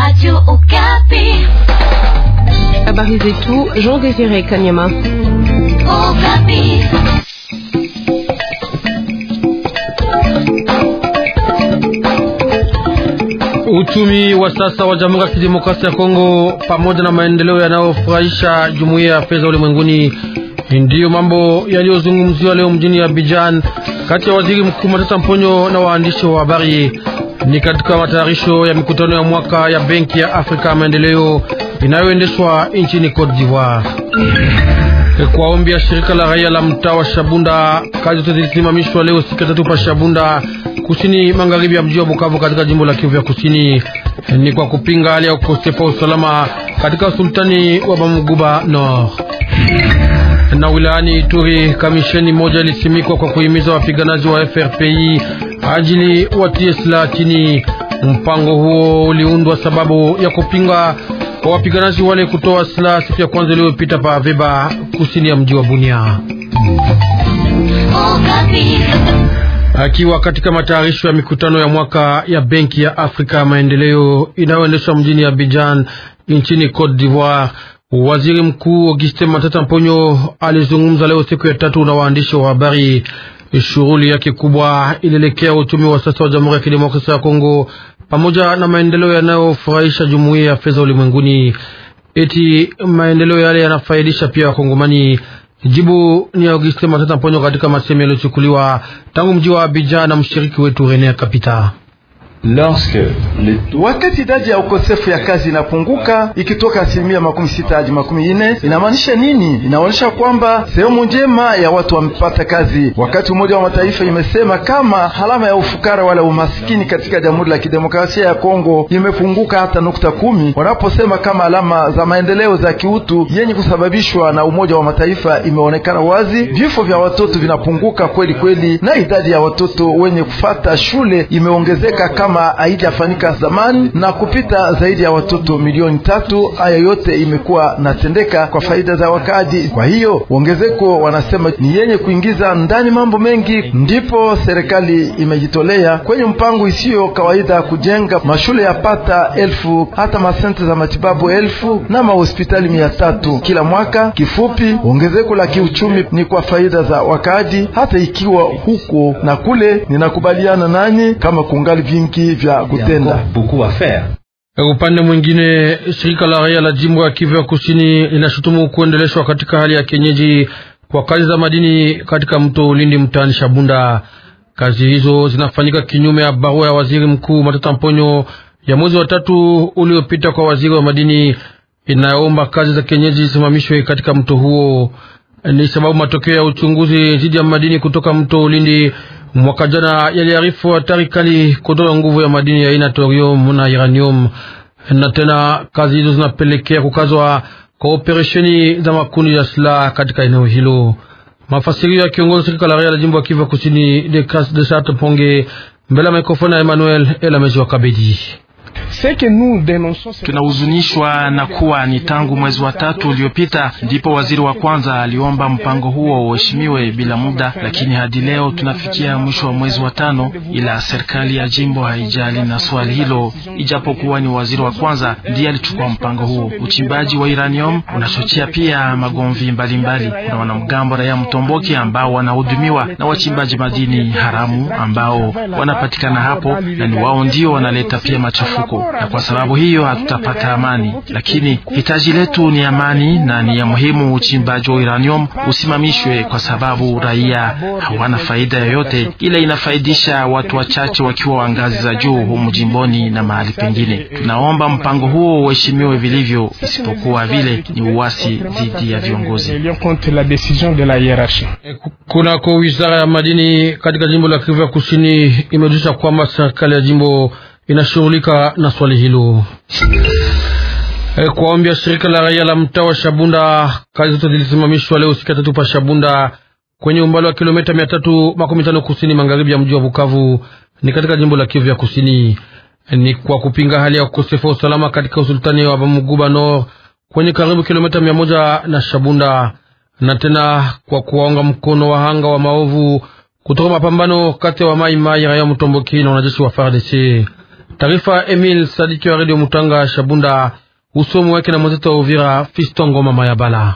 Radio Okapi. Habari zetu Jean Désiré Kanyama. Okapi. Uchumi wa sasa wa Jamhuri ya Kidemokrasia ya Kongo pamoja na maendeleo yanayofurahisha Jumuiya ya Fedha Ulimwenguni ndiyo mambo yaliyozungumziwa leo mjini Abidjan kati ya Waziri Mkuu Matata Mponyo na waandishi wa habari ni katika matayarisho ya mikutano ya mwaka ya Benki ya Afrika ya Maendeleo inayoendeshwa nchini Cote d'Ivoire. Kwa ombi ya shirika la raia la mtaa wa Shabunda, kazi zote zilisimamishwa leo siku tatu pa Shabunda, kusini magharibi ya mji wa Bukavu, katika jimbo la Kivu ya Kusini. Ni kwa kupinga hali ya ukosefu wa usalama katika usultani wa Bamuguba Nord na wilayani Ituri. Kamisheni moja ilisimikwa kwa kuhimiza wapiganaji wa FRPI ajili watie silaha chini. Mpango huo uliundwa sababu ya kupinga kwa wapiganaji wale kutoa silaha siku ya kwanza iliyopita pa Aveba, kusini ya mji wa Bunia. Akiwa katika matayarisho ya mikutano ya mwaka ya Benki ya Afrika ya Maendeleo inayoendeshwa mjini Abidjan nchini Cote d'Ivoire, waziri mkuu Augustin Matata Mponyo alizungumza leo siku ya tatu na waandishi wa habari. Shughuli yake kubwa ilielekea uchumi wa sasa wa Jamhuri ya Kidemokrasia ya Kongo pamoja na maendeleo yanayofurahisha jumuiya ya fedha ulimwenguni. Eti maendeleo yale yanafaidisha pia Wakongomani. Jibu ni Augustin Matata Mponyo katika masemi yaliyochukuliwa tangu mji wa Abidjan na mshiriki wetu Rene Kapita. Wakati idadi ya ukosefu ya kazi inapunguka ikitoka asilimia makumi sita hadi makumi ine inamaanisha nini? Inaonyesha kwamba sehemu njema ya watu wamepata kazi. Wakati Umoja wa Mataifa imesema kama alama ya ufukara wala umasikini katika Jamhuri la Kidemokrasia ya Kongo imepunguka hata nukta kumi, wanaposema kama alama za maendeleo za kiutu yenye kusababishwa na Umoja wa Mataifa imeonekana wazi. Vifo vya watoto vinapunguka kweli kweli, na idadi ya watoto wenye kufata shule imeongezeka kama kama haijafanyika zamani na kupita zaidi ya watoto milioni tatu. Haya yote imekuwa natendeka kwa faida za wakaaji. Kwa hiyo ongezeko wanasema ni yenye kuingiza ndani mambo mengi, ndipo serikali imejitolea kwenye mpango isiyo kawaida kujenga mashule ya pata elfu hata masente za matibabu elfu na mahospitali mia tatu kila mwaka. Kifupi, ongezeko la kiuchumi ni kwa faida za wakaaji, hata ikiwa huko na kule. Ninakubaliana nanyi kama kungali vingi vingi vya kutenda. E, upande mwingine, shirika la raia la jimbo ya Kivu ya kusini linashutumu kuendeleshwa katika hali ya kienyeji kwa kazi za madini katika mto Ulindi mtaani Shabunda. Kazi hizo zinafanyika kinyume ya barua ya waziri mkuu Matata Mponyo ya mwezi wa tatu uliopita kwa waziri wa madini inayoomba kazi za kienyeji zisimamishwe katika mto huo. Ni sababu matokeo ya uchunguzi dhidi ya madini kutoka mto Ulindi Mwaka jana yaliarifu hatari kali kutoka nguvu ya madini ya aina torium na uranium, na tena kazi hizo zinapelekea kukazwa kwa operesheni za makundi ya silaha katika eneo hilo. Mafasirio ya kiongozi shirika la raia la jimbo ya Kivu Kusini, Descartes Ponge, mbele ya mikrofoni ya Emmanuel Elamezi wa Kabedi. Tunahuzunishwa na kuwa ni tangu mwezi wa tatu uliopita ndipo waziri wa kwanza aliomba mpango huo uheshimiwe bila muda, lakini hadi leo tunafikia mwisho wa mwezi wa tano, ila serikali ya jimbo haijali na swali hilo, ijapokuwa ni waziri wa kwanza ndiye alichukua mpango huo. Uchimbaji wa uranium unachochea pia magomvi mbalimbali. Kuna wanamgambo raia Mtomboki ambao wanahudumiwa na wachimbaji madini haramu ambao wanapatikana hapo, na ni wao ndio wanaleta pia machafuko yako, na kwa sababu hiyo hatutapata amani. Lakini hitaji letu ni amani, na ni ya muhimu uchimbaji wa uranium usimamishwe, kwa sababu raia hawana faida yoyote, ila inafaidisha watu wachache wakiwa wa ngazi za juu humu jimboni na mahali pengine. Tunaomba mpango huo uheshimiwe vilivyo, isipokuwa vile ni uwasi dhidi ya viongozi. Kunako wizara ya madini katika jimbo la Kivu ya Kusini imejusha kwamba serikali ya jimbo inashughulika na swali hilo. E, kwa ombi ya shirika la raia la mtaa wa Shabunda, kazi zote zilisimamishwa leo siku tatu pa Shabunda, kwenye umbali wa kilomita mia tatu makumi tano kusini magharibi ya mji wa Bukavu, ni katika jimbo la Kivu ya Kusini. E, ni kwa kupinga hali ya ukosefu wa usalama katika usultani wa Bamuguba Nord kwenye karibu kilomita mia moja na Shabunda, na tena kwa kuwaunga mkono wahanga wa maovu kutoka mapambano kati ya wa maimai raia Mtomboki na wanajeshi wa FARDC. Taarifa Emil Sadiki wa Radio Mutanga Shabunda, usomi wake na mwenzetu wa Uvira Mama ya Bala.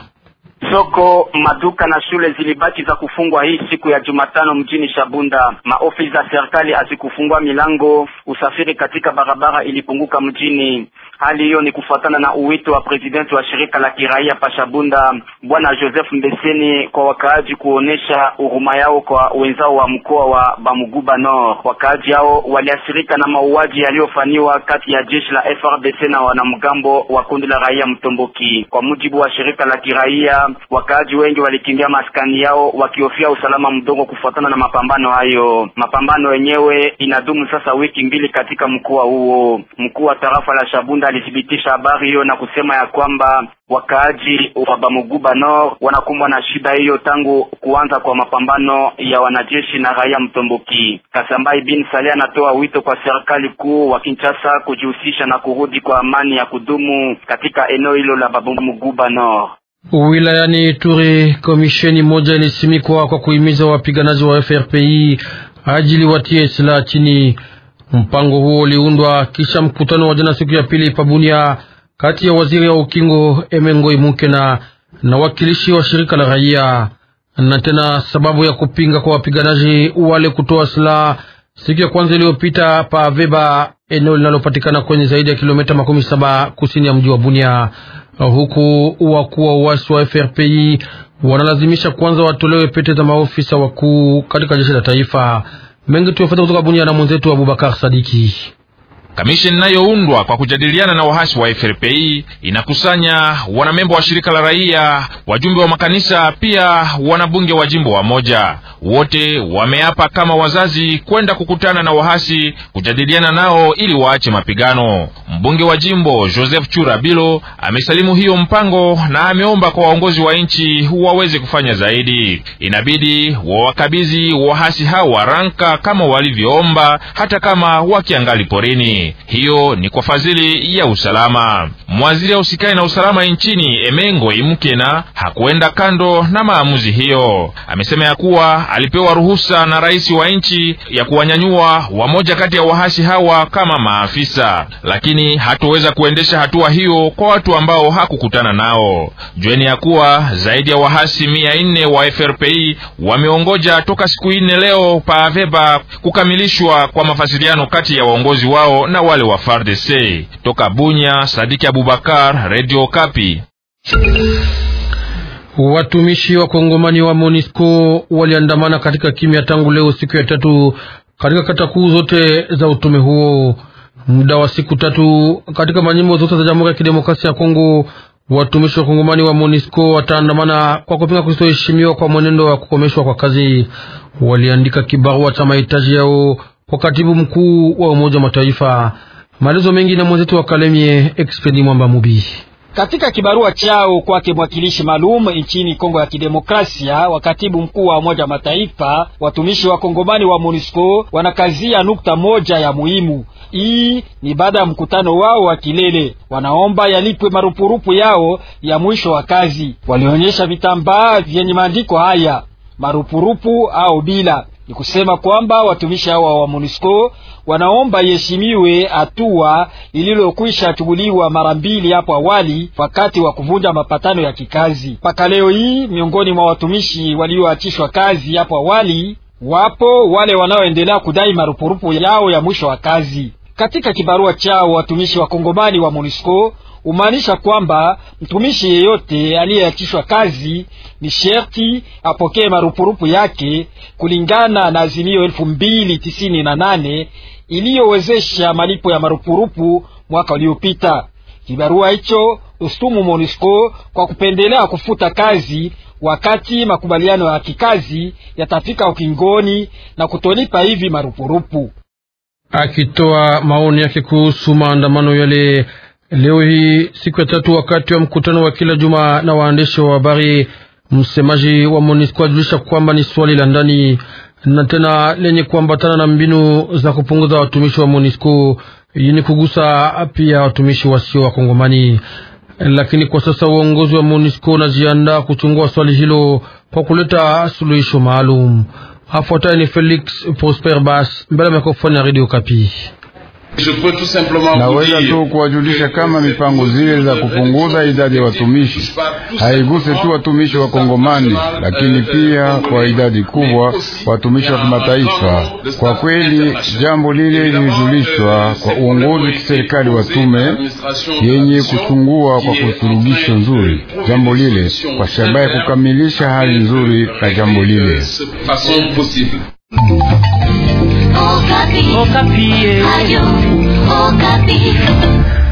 Soko, maduka na shule zilibaki za kufungwa hii siku ya Jumatano mjini Shabunda. Maofisi za serikali hazikufungua milango, usafiri katika barabara ilipunguka mjini. Hali hiyo ni kufuatana na uwito wa presidenti wa shirika la kiraia pa Shabunda, bwana Joseph Mbeseni, kwa wakaaji kuonesha huruma yao kwa wenzao wa mkoa wa Bamuguba Nord. Wakaaji hao waliathirika na mauaji yaliyofanywa kati ya jeshi la FRDC na wanamgambo wa kundi la raia Mtomboki. Kwa mujibu wa shirika la kiraia wakaaji wengi walikimbia maskani yao wakihofia usalama mdogo kufuatana na mapambano hayo. Mapambano yenyewe inadumu sasa wiki mbili katika mkoa huo. Mkuu wa tarafa la Shabunda alithibitisha habari hiyo na kusema ya kwamba wakaaji wa Bamuguba Nord wanakumbwa na shida hiyo tangu kuanza kwa mapambano ya wanajeshi na raia Mtomboki. Kasambai bin Saleh anatoa wito kwa serikali kuu wa Kinshasa kujihusisha na kurudi kwa amani ya kudumu katika eneo hilo la Bamuguba Nord. Wilayani Ituri, komisheni moja ilisimikwa kwa kuhimiza wapiganaji wa FRPI ajili watie silaha chini. Mpango huo uliundwa kisha mkutano wa jana siku ya pili Pabunia kati ya waziri wa ukingo emengoi mukena na wakilishi wa shirika la raia, na tena sababu ya kupinga kwa wapiganaji wale kutoa silaha siku ya kwanza iliyopita pa Veba, eneo linalopatikana kwenye zaidi ya kilomita makumi saba kusini ya mji wa Bunia huku wakuu wa uasi wa FRPI wanalazimisha kwanza watolewe pete za maofisa wakuu katika jeshi la taifa. Mengi tuyafuata kutoka Bunia na mwenzetu Abubakar Sadiki. Kamisheni inayoundwa kwa kujadiliana na wahasi wa FRPI inakusanya wanamemba wa shirika la raia, wajumbe wa makanisa, pia wanabunge wa jimbo wa moja wote wameapa kama wazazi kwenda kukutana na wahasi kujadiliana nao ili waache mapigano. Mbunge wa jimbo Joseph Churabilo amesalimu hiyo mpango na ameomba kwa waongozi wa nchi waweze kufanya zaidi. Inabidi wawakabidhi wahasi hao waranka kama walivyoomba, hata kama wakiangali porini. Hiyo ni kwa fadhili ya usalama. Mwaziri ausikani na usalama nchini Emengo Imkena hakuenda kando na maamuzi hiyo, amesema ya kuwa alipewa ruhusa na rais wa nchi ya kuwanyanyua wamoja kati ya wahasi hawa kama maafisa, lakini hatuweza kuendesha hatua hiyo kwa watu ambao hakukutana nao. Jueni ya kuwa zaidi ya wahasi mia nne wa FRPI wameongoja toka siku ine leo paaveba kukamilishwa kwa mafasiliano kati ya waongozi wao na wale wa FARDC. Toka Bunya, Sadiki Abubakar, Radio Kapi. Watumishi wa kongomani wa Monisco waliandamana katika kimya tangu leo siku ya tatu katika kata kuu zote za utume huo, muda wa siku tatu. Katika manyimbo zote za Jamhuri ya Kidemokrasia ya Kongo, watumishi wa kongomani wa Monisco wataandamana kwa kupinga kutoheshimiwa kwa mwenendo wa kukomeshwa kwa kazi. Waliandika kibarua cha mahitaji yao kwa katibu mkuu wa Umoja wa Mataifa. Maelezo mengi na mwenzetu wa Kalemie, Expedi Mwamba Mubi. Katika kibarua chao kwake mwakilishi maalum nchini Kongo ya Kidemokrasia wa katibu mkuu wa Umoja wa Mataifa, watumishi wa Kongomani wa MONUSCO wanakazia nukta moja ya muhimu. Hii ni baada ya mkutano wao wa kilele, wanaomba yalipwe marupurupu yao ya mwisho wa kazi. Walionyesha vitambaa vyenye maandiko haya marupurupu au bila ni kusema kwamba watumishi hawa wa MONUSCO wanaomba iheshimiwe hatua ililokwisha chukuliwa mara mbili hapo awali wakati wa kuvunja mapatano ya kikazi. Mpaka leo hii miongoni mwa watumishi walioachishwa kazi hapo awali wapo wale wanaoendelea kudai marupurupu yao ya mwisho wa kazi. Katika kibarua chao watumishi wa kongomani wa MONUSCO umaanisha kwamba mtumishi yeyote aliyeachishwa kazi ni sherti apokee marupurupu yake kulingana na azimio elfu mbili tisini na nane iliyowezesha malipo ya marupurupu mwaka uliopita. Kibarua hicho ustumu MONUSCO kwa kupendelea kufuta kazi wakati makubaliano ya kikazi yatafika ukingoni na kutolipa hivi marupurupu. Akitoa maoni yake kuhusu maandamano yale Leo hii siku ya tatu, wakati wa mkutano wa kila juma na waandishi wa habari, msemaji wa MONUSCO ajulisha kwamba ni swali la ndani na tena lenye kuambatana na mbinu za kupunguza watumishi wa MONUSCO yenye kugusa pia watumishi wasio Wakongomani. Lakini kwa sasa uongozi wa MONUSCO unajiandaa kuchungua swali hilo kwa kuleta suluhisho maalum. Afuatayo ni Felix Prosper Bas mbele ya mikrofoni ya Radio Kapi. Naweza tu kuwajulisha kama mipango zile za kupunguza idadi ya watumishi haiguse tu watumishi wa Kongomani, euh, lakini euh, pia kwa idadi kubwa watumishi wa kimataifa. Kwa kweli jambo lile lilijulishwa euh, kwa uongozi kiserikali wa tume yenye kuchungua kwa kusurugisho nzuri jambo lile kwa shabaha ya kukamilisha hali nzuri na jambo lile. Okapi. Okapi. Eh.